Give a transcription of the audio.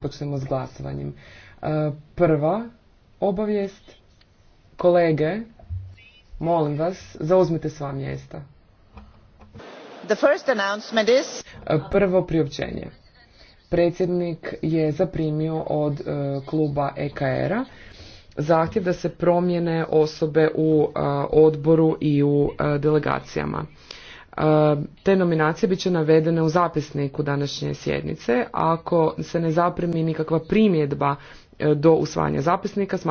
počnemo s glasovanjem. E, prva obavijest, kolege, molim vas, zauzmite sva mjesta. The e, Prvo priopćenje. Predsjednik je zaprimio od e, kluba EKR-a zahtjev da se promjene osobe u odboru i u delegacijama. E, te nominacije bit će navedene u zapisniku današnje sjednice. Ako se ne zaprimi nikakva primjedba e, do usvajanja zapisnika,